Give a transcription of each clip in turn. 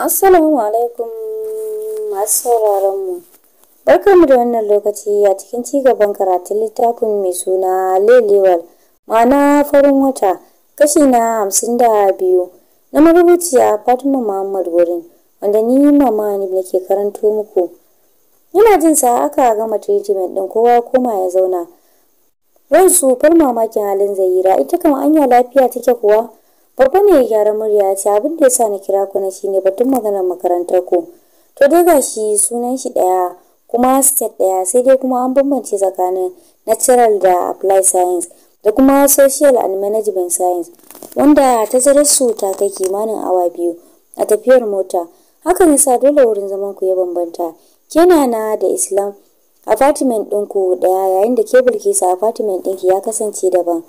Assalamu alaikum masu sauraron mu. Barkanmu da wannan lokaci a cikin ci gaban karatun littafin mai suna Lelewal ma'ana farin wata kashi na hamsin da biyu na a Fatima Muhammad wurin, wanda ni mama ne ke karanto muku. Ina jin sa aka gama treatment ɗin, kowa koma ya zauna. Ransu far mamakin halin Zahira ita kama anya lafiya take kuwa babba ne ya gyara murya ya ce abin da ya sa na kira ku na ne batun maganar makarantar ku to dai shi sunan shi ɗaya kuma state ɗaya sai dai kuma an bambance tsakanin natural da applied science da kuma social and management science wanda ta zara su ta kai kimanin awa biyu a tafiyar mota hakan yasa dole wurin zaman ku ya bambanta na da islam apartment ɗinku ɗaya yayin da kebul bilkisa apartment ɗinki ya kasance daban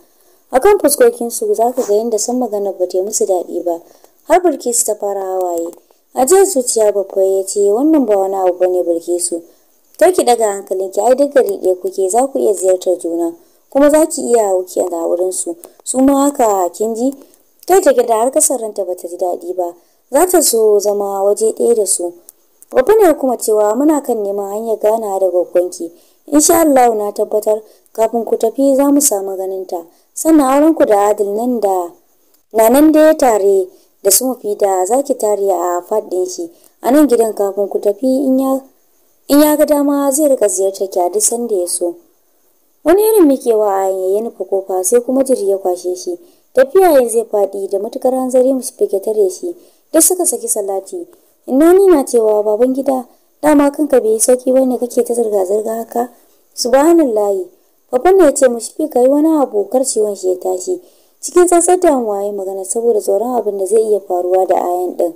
a akan fuskokinsu za ka ga yadda san magana ba ta musu daɗi ba har bilkisu ta fara hawaye a jiya zuciya babba ya ce wannan ba wani abu bane bilkisu ta ki daga ki ai duk gari ɗaya kuke za ku iya ziyartar juna kuma za ki iya wuki a wurin su ma haka kin ji ta ta gida har kasar ranta ba ta ji daɗi ba za ta so zama waje ɗaya da su babba ne kuma cewa muna kan neman hanyar ganawa da ki insha allahu na tabbatar kafin ku tafi za mu samu ganinta. ta sannan auren ku da adil nan da na nan da ya tare da su mafi da za ki tare a faɗin shi a nan gidan kafin ku tafi in ya ga dama zai rika ziyartar ki a duk sanda ya so wani irin mikewa a yayin ya nufa kofa sai kuma jiri ya kwashe shi tafiya yin zai faɗi da matukar hanzari musu fike tare shi duk suka saki salati ina ni na cewa baban gida dama kanka bai yi sauki bane kake ta zirga zirga haka subhanallahi babban ne ya ce mashi yi wani abu kar ciwon shi ya tashi cikin tsantsar damuwa ya magana saboda tsoron abin da zai iya faruwa da ayan din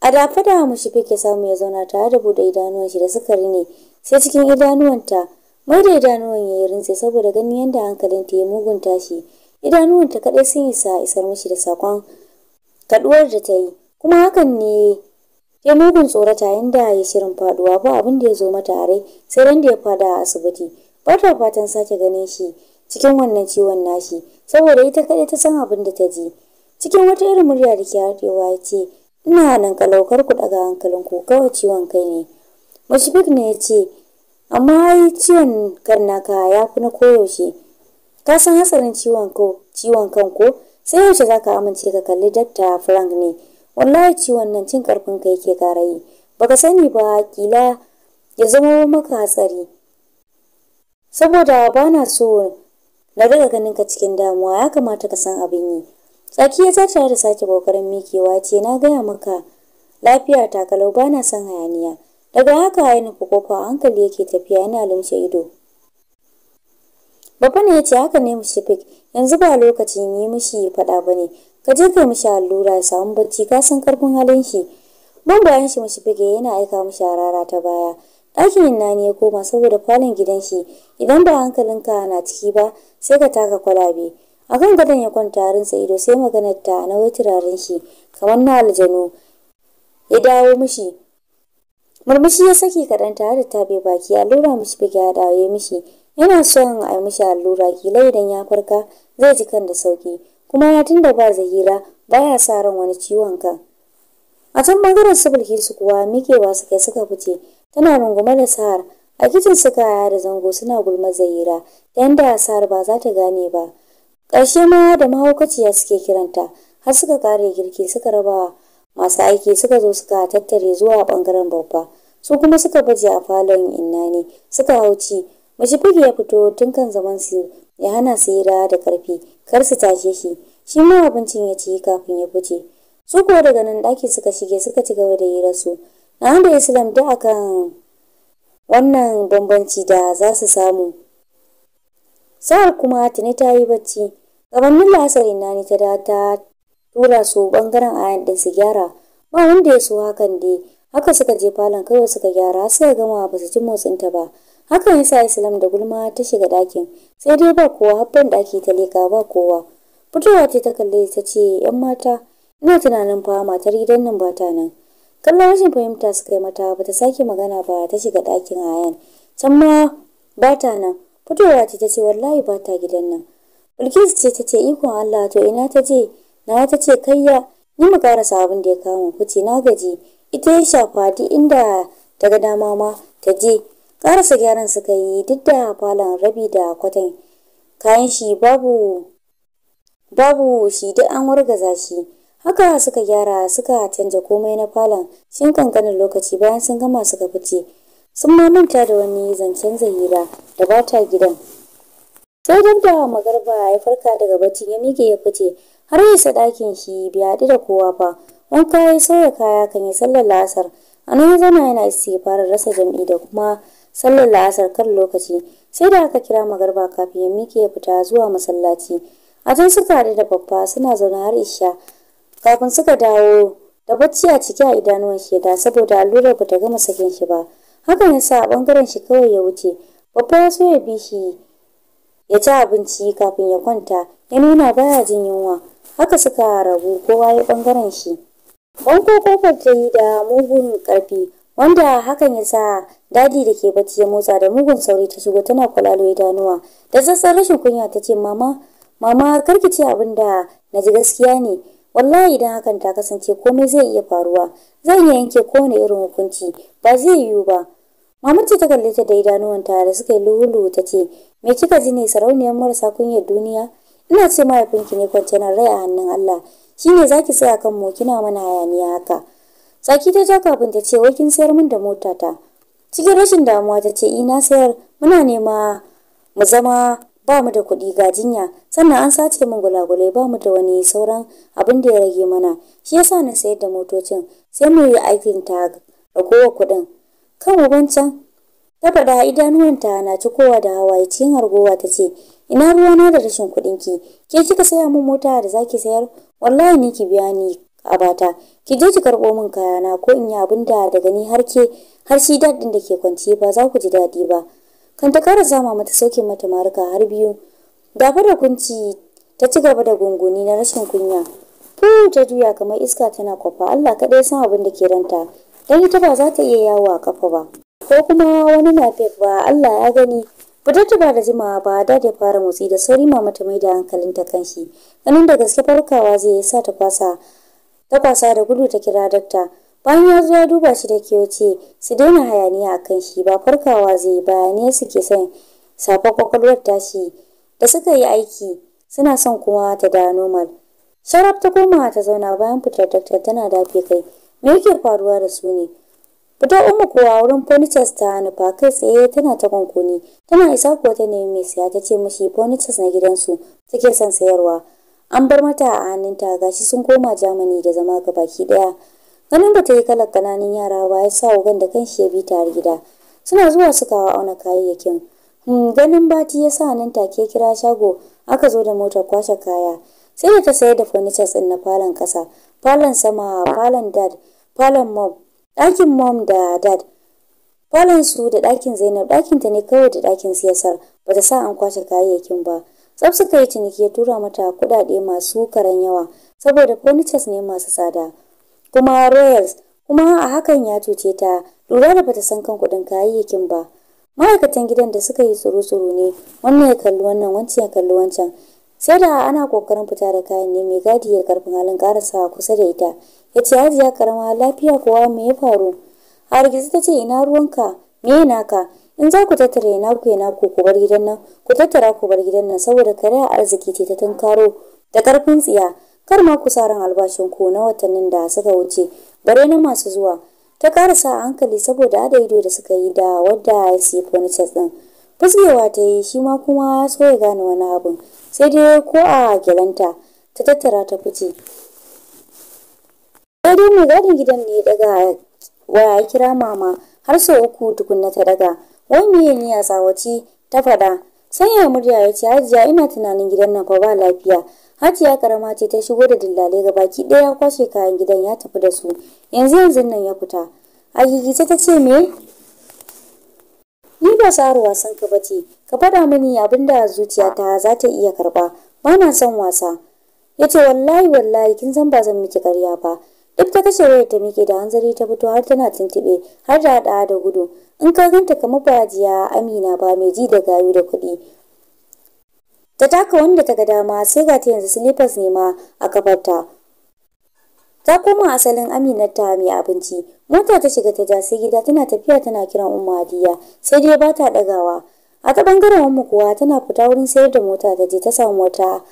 a dafa da mushifik ya samu ya zauna tare da buɗe idanuwan shi da sukari ne sai cikin idanuwanta mai da idanuwan ya yi rintse saboda ganin yadda ta ya mugun tashi idanuwanta kaɗai sun isa isar mashi da sakon kaɗuwar da ta yi kuma hakan ne ya mugun tsorata yadda ya shirin faduwa ba abin da ya zo mata a rai sai ran da ya fada a asibiti bata fatan sake ganin shi cikin wannan ciwon nashi saboda ita kadai ta san abin da ta ji cikin wata irin murya da ke haɗewa ya ce ina nan kalaukar ku daga hankalin ku kawai ciwon kai ne mashifik ne ya ce amma ai ciwon karnaka ya fi na koyaushe ka san hatsarin ciwon ko ciwon kan ko sai yaushe za ka amince ka kalli dakta frank ne wallahi ciwon nan cin karfin kai ke kara yi baka sani ba kila ya zama maka hatsari saboda ba na so na riga ganin ka cikin damuwa ya kamata ka san abin yi tsaki ya tare da sake kokarin mikewa ce na gaya maka lafiya ta kalau ba na son hayaniya daga haka ya nufi kofa hankali yake tafiya yana lumshe ido babba ne ya ce haka ne mu mushifik yanzu ba lokacin yi mishi faɗa ba ne ka je kai mishi allura ya samu bacci ka san karfin halin shi ban bayan shi mu mushifik yana aika mishi harara ta baya ɗakin na ne ya koma saboda falon gidan shi idan ba hankalinka na ciki ba sai ka taka kwalabe a kan gadon ya kwanta rinsa ido sai maganar ta na turaren shi kamar na aljanu ya dawo mishi murmushi ya saki kaɗan tare da tabe baki allura mishi bai ya dawo ya mishi yana son a yi mishi allura kila idan ya farka zai ji kan da sauki kuma ya tunda ba zahira baya sa ran wani ciwon kan a can bangaren su bilkisu kuwa mikewa kai suka fice tana rungume da sahar a kicin suka haya da zango suna gulma zaira ta yanda sahar ba za ta gane ba ƙarshe ma da mahaukaciya suke kiranta har suka kare girki suka raba masu aiki suka zo suka tattare zuwa ɓangaren babba su kuma suka baje a falon inna ne suka hauci mashifigi ya fito tun kan zaman su ya hana su hira da karfi kar su tashe shi shi ma abincin ya ci kafin ya fice su kuwa daga nan ɗaki suka shige suka ci gaba da hirar su na da ya silamta akan wannan bambanci da za su samu. Sa'ar kuma tuni ta yi bacci, gabanin lasarin na ta data tura su bangaren ayan din su gyara, ba wanda ya so hakan dai, haka suka je falon kawai suka gyara suka gama ba su ji ta ba. Hakan yasa Islam da gulma ta shiga ɗakin, sai dai ba kowa habban ɗaki ta leka ba kowa. Fitowa ce ta kalle ta ce, ‘yan mata, ina tunanin fa matar gidan nan ba ta nan. kallon rashin fahimta suka yi mata bata sake magana ba ta shiga ɗakin hayan can ma ba ta nan fitowa ce ta ce wallahi ba ta gidan nan bilkis ce ta ce ikon allah to ina ta je na ta ce kayya ni mu karasa abin da ya kama kuce na gaji ita ya shafa duk inda ta ga dama ma ta je karasa gyaran suka yi duk da falon rabi da kwatan kayan shi babu babu shi duk an wargaza shi haka suka gyara suka canja komai na falon shin kankanin lokaci bayan sun gama suka fice sun ma manta da wani zancen zahira da ba ta gidan sai dab da magarba ya farka daga bacci ya mike ya fice har ya isa ɗakin shi bai haɗu da kowa ba wanka ya sauya kaya kan yi sallar la'asar a nan ya zama yana fara rasa jam'i da kuma sallar la'asar kan lokaci sai da aka kira magarba kafin ya mike ya fita zuwa masallaci a can suka haɗu da babba suna zaune har isha kafin suka dawo da bacci a ciki a idanuwan sheda saboda allurar ba ta gama sakin shi ba hakan yasa a bangaren shi kawai ya wuce babba ya so ya bi shi ya ci abinci kafin ya kwanta ya nuna baya jin yunwa haka suka rabu kowa ya bangaren shi banko kofar ta yi da mugun karfi wanda hakan ya sa dadi da ke bacci ya motsa da mugun sauri ta shigo tana kwalalo idanuwa da sassan rashin kunya ta ce mama mama karki ce abin da na ji gaskiya ne wallahi idan hakan ta kasance komai zai iya faruwa zan iya yanke kowane irin hukunci ba zai yiwu ba mamaci ta kalli ta da idanuwanta da suka yi luhulu ta ce me kika ji ne sarauniyar marasa kunyar duniya ina ce mahaifinki ne na rai a hannun Allah shine zaki tsaya kan mu kina mana hayaniya haka tsaki ta ja kafin ta ce wai kin sayar min da motata cikin rashin damuwa ta ce ina sayar muna nema mu zama ba mu da kuɗi ga jinya sannan an sace min gulagulai ba mu da wani sauran abin da ya rage mana shi yasa na sayar da motocin sai mu yi aikin a ragowar kuɗin kan uban can ta faɗa idanuwanta na kowa da hawaye cikin argowa ta ce ina ruwa na da rashin kuɗin ki ke kika saya min mota da zaki sayar wallahi ni ki biya ni a bata ki je ki karɓo min kayana ko in yi abin da daga ni har ke har shi daɗin da ke kwance ba za ku ji daɗi ba kan ta kara zama mata sauke mata maruka har biyu dafa da kunci ta ci gaba da gunguni na rashin kunya fu ta juya kamar iska tana kwafa Allah kaɗai san abin da ke ranta dan ita ba za ta iya yawo a kafa ba ko kuma wani nafef ba Allah ya gani fitar ba da jimawa ba da da fara motsi da sauri mama ta mai da hankalin ta shi ganin da gaske farkawa zai yi sa ta kwasa ta kwasa da gudu ta kira dakta bayan ya zo duba shi da kyau su daina hayaniya a kan shi ba farkawa zai bayanai suke son safa kwakwalwar tashi da suka yi aiki suna son kuma ta da normal sharaf ta koma ta zauna bayan fitar daktar tana dafe kai me yake faruwa da su ne fitar umma kuwa wurin furnitures ta nufa kai tsaye tana ta kunkuni tana isa kuwa ta nemi mai siya ta ce mashi furnitures na gidansu take son sayarwa an bar mata a hannun ta gashi sun koma jamani da zama ga baki daya ganin ba ta yi kalar ƙananan yara ba ya sa ugan da kanshi ya bi tare gida suna zuwa suka kawo auna kayayyakin hmm, ganin bati ya sa nan take kira shago aka zo da motar kwashe kaya sai da ta sayar da furnitures ɗin na falon ƙasa falon sama falon dad falon mom ɗakin mom da dad falon su da ɗakin zainab ɗakin ta ne kawai da ɗakin siyasar ba ta sa an kwashe kayayyakin ba tsaf suka yi ciniki ya tura mata kuɗaɗe masu karan yawa saboda furnitures ne masu tsada kuma royals kuma a hakan ya cuce ta lura da bata san kan kuɗin kayayyakin ba ma'aikatan gidan da suka yi tsoro-tsoro ne wannan ya kalli wannan wancan ya kalli wancan sai da ana kokarin fita da kayan ne mai gadi ya karfin halin karasa kusa da ita ya ce hajiya karama lafiya kuwa me ya faru a rigizi ta ce ina ruwanka me naka in za ku tattara ina ku ina ku ku bar gidan nan ku tattara ku bar gidan nan saboda kare arziki ce ta tunkaro da karfin tsiya kar ma ku sa ran albashin ku na watannin da suka wuce bare na masu zuwa ta karasa a hankali saboda ada ido da suka yi da wadda ya siya furniture din fuskewa ta yi shi ma kuma ya so ya gane wani abun sai dai ko a gelanta ta tattara ta fice sai dai mai gadin gidan ne daga waya kira mama har sau uku tukunna ta daga wai miye ni a tsawaci ta faɗa sanya murya ya ce hajiya ina tunanin gidan nan fa ba lafiya Fatiya karama ce ta shigo da dillalai ga baki ɗaya ya kwashe kayan gidan ya tafi da su. Yanzu yanzu nan ya fita. A gigice ta ce me? Ni ba tsara wasan ka bace. Ka faɗa mini abin da zuciyata za ta iya karɓa. Ba na son wasa. yace wallahi wallahi kin san ba zan miki karya ba. Duk ta kashe wayar ta miƙe da hanzari ta fito har tana tuntuɓe har da haɗa da gudu. In ka ganta kamar bajiya Amina ba mai ji da gayu da kuɗi. ta taka wanda ta ga dama sai ga ta yanzu slippers ne ma a kafarta ta koma asalin aminar ta mai abinci mota ta shiga ta ja sai gida tana tafiya tana kiran umma hadiya sai dai ba ta dagawa a ta bangaren wamma kuwa tana fita wurin sayar da mota ta je ta samu wata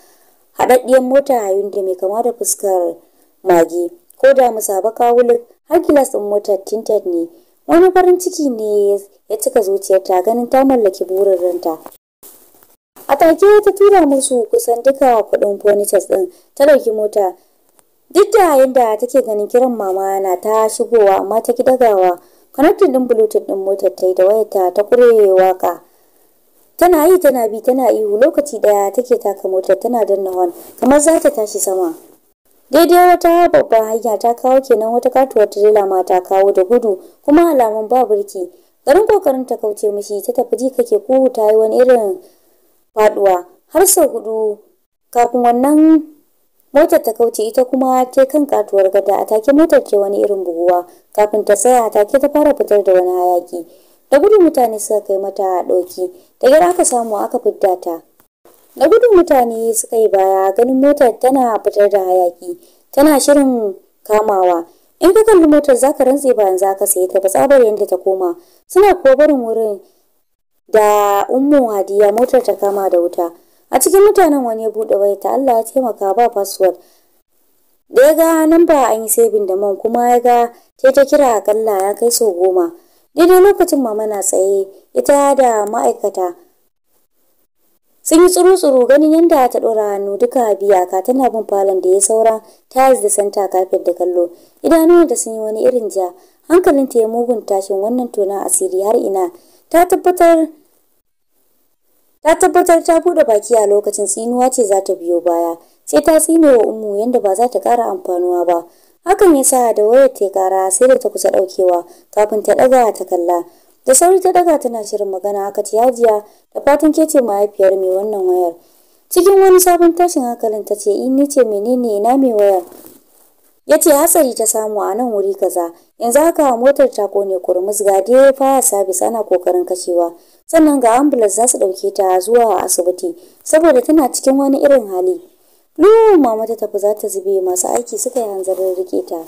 haɗaɗɗiyar mota a da mai kama da fuskar magi ko da musabaka kawulin? har gilas ɗin motar tinted ne wani farin ciki ne ya cika zuciyarta ganin ta mallaki burin ranta a take ta tura musu kusan duka kudin furnitures din ta dauki mota duk da yadda take ganin kiran mama na ta shigowa amma ta ki dagawa connecting din bluetooth din motar ta yi da wayata ta kure waka tana yi tana bi tana ihu lokaci daya take taka motar tana danna hon kamar za ta tashi sama daidai wata babban hanya ta kawo kenan wata katuwar tirela ma ta kawo da gudu kuma alamun ba riki garin kokarin ta kauce mishi ta tafi ji kake kuhu ta yi wani irin faduwa har sau hudu kafin wannan motar ta kauce ita kuma ke kan katuwar gada a take motar ce wani irin buguwa kafin ta tsaya take ta fara fitar da wani hayaki da gudun mutane suka kai mata ɗauki da gyara aka samu aka fidda ta da gudun mutane suka yi baya ganin motar tana fitar da hayaki tana shirin kamawa in ka kalli motar za zaka rantse bayan ka sai ta ba tsabar yadda ta koma suna kuwa barin wurin da ummu hadiya motar ta kama da wuta a cikin mutanen wani bude buɗe ta Allah ya taimaka ba password da ya ga nan ba an yi saving da man kuma ya ga ta ta kira akalla ya kai sau goma daidai lokacin mama na tsaye ita da ma'aikata sun yi tsuru-tsuru ganin yadda ta ɗora hannu duka biya ka tana bin falon da ya saura tiles da santa kafin da kallo idanun da sun yi wani irin ja hankalin ta ya mugun tashin wannan tona asiri har ina ta tabbatar ta tabbatar ta bude baki a lokacin tsinuwa ce za ta biyo baya sai ta tsine wa ummu yanda ba za ta kara amfanuwa ba hakan ya sa da wayar ta kara sai da ta kusa daukewa kafin ta daga ta kalla da sauri ta daga tana shirin magana aka ta yajiya da fatan ke ce mahaifiyar mai wannan wayar cikin wani sabon tashin hankalin ta ce in ni ce menene ina mai wayar ya ce hatsari ta samu a nan wuri kaza yanzu haka motar ta kone kurmus ga dai faya sabis ana kokarin kashewa sannan ga ambulance za su ɗauke ta zuwa asibiti saboda tana cikin wani irin hali lu mama ta tafi za ta zube masu aiki suka yi hanzarin rike ta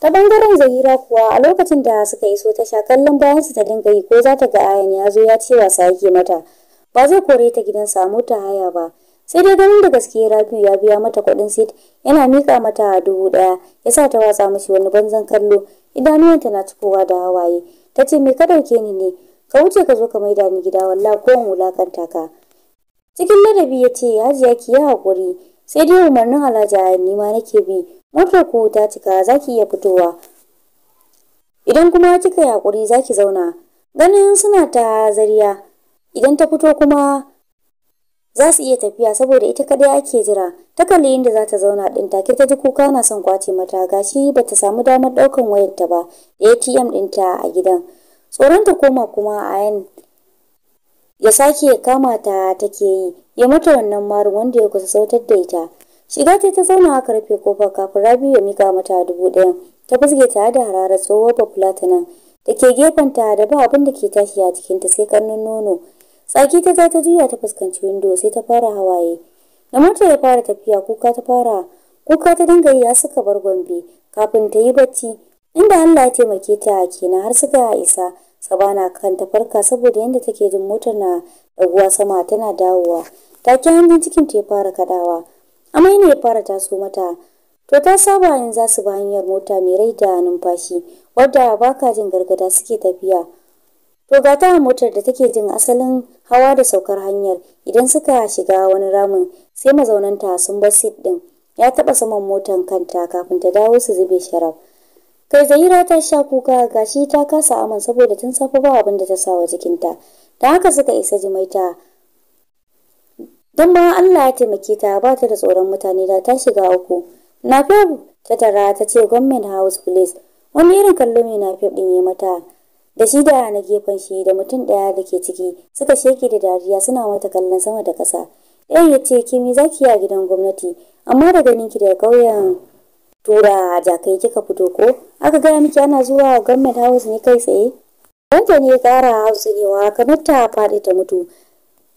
ta bangaren zahira kuwa a lokacin da suka iso ta sha kallon su ta dinga yi ko za ta ga ayan ya zo ya ce wasa yake mata ba zai kore ta gidan samu ta haya ba sai dai ganin da gaskiya rabiu ya biya mata kuɗin sit yana mika mata dubu ɗaya ya sa ta watsa mishi wani banzan kallo idanuwanta na cikowa da hawaye ta ce me ka ɗauke ni ne ka wuce ka zo ka maida ni gida walla ko in wulakanta ka cikin ladabi ya ce hajiya ki yi haƙuri sai dai umarnin alhaji a ni ma nake bi motar ku ta cika za ki iya fitowa idan kuma kika yi haƙuri za ki zauna ganin suna ta zariya idan ta fito kuma za su iya tafiya saboda ita kadai ake jira ta kalli inda za ta zauna din take ta ji kuka na son kwace mata gashi ba ta samu damar daukan wayar ta ba da ATM ɗinta a gidan tsoron ta koma kuma a yan ya sake ya kama ta take yi ya mata wannan maru wanda ya kusa sautar da ita shiga ta zauna a karfe kofar kafin rabi ya mika mata dubu ɗaya ta fuske ta da hararar tsohuwar Bafulatanan da ke gefenta da ba abin da ke tashi a cikinta sai karnin nono tsaki ta ta juya ta fuskanci windo sai ta fara hawaye da mota ya fara tafiya kuka ta fara kuka ta dinga yi suka bar gombe kafin ta yi bacci inda Allah ya taimake ta kenan har suka isa sabana kan ta farka saboda yadda take jin motar na daguwa sama tana dawowa take hannun cikin ta ya fara kadawa amai ne ya fara taso mata to ta saba yin za su ba hanyar mota mai rai da numfashi wadda baka jin gargada suke tafiya to ga ta motar da take jin asalin hawa da saukar hanyar idan suka shiga wani ramin sai mazaunanta sun bar sit din ya taba saman motan kanta kafin ta dawo su zube sharaf kai zahira ta sha kuka gashi ta kasa aman saboda tun safe ba abin da ta sa wa jikinta da haka suka isa jimaita don ma Allah ya taimake ta ba ta da tsoron mutane da ta shiga uku na ta tara ta ce government house police wani irin kallo mai na din ya mata da shi da na gefen shi da mutum daya da ke ciki suka sheke da dariya suna mata kallon sama da ƙasa ɗayan ya ce kimi za ki yi a gidan gwamnati amma da ganin ki daga ƙauyen tura jakai kika fito ko aka gaya miki ana zuwa gwamnati house ne kai tsaye wanda ne ƙara wa kamar ta faɗi ta mutu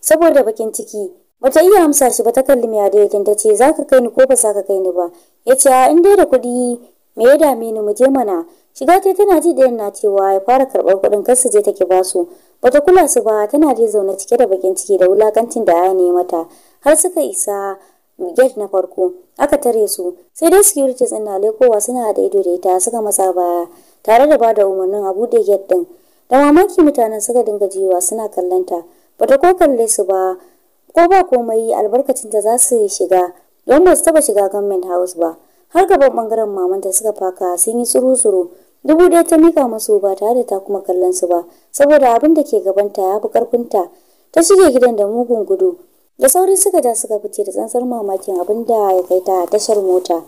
saboda bakin ciki bata iya amsa shi ba ta kalli mai da ta ce za ka kai ni ko ba za ka kai ni ba ya ce a in da kuɗi me ya dame ni mu je mana shiga ta tana ji da yana cewa ya fara karbar kuɗin kar su je take ba su bata kula su ba tana je zaune cike da bakin ciki da wulakancin da ya ne mata har suka isa gate na farko aka tare su sai dai security ɗin na lekowa suna da ido da ita suka matsa baya tare da bada umarnin a buɗe gate din da mamaki mutanen suka dinga jiwa suna kallonta bata ko kalle su ba ko ba komai albarkacin da za su shiga don ba su taba shiga government house ba har gaban bangaren mamanta suka faka sun yi tsuru-tsuru dubu ɗaya ta mika masu ba tare da ta kuma kallon su ba saboda abin da ke gabanta ya fi karfinta ta shige gidan da mugun gudu da sauri suka da suka fice da tsantsar mamakin abin da ya kai ta tashar mota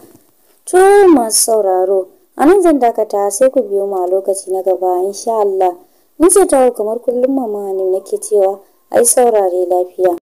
to masu sauraro a nan zan dakata sai ku biyo mu a lokaci na gaba insha Allah ni ce tawo kamar kullum mama ne nake cewa ai saurare lafiya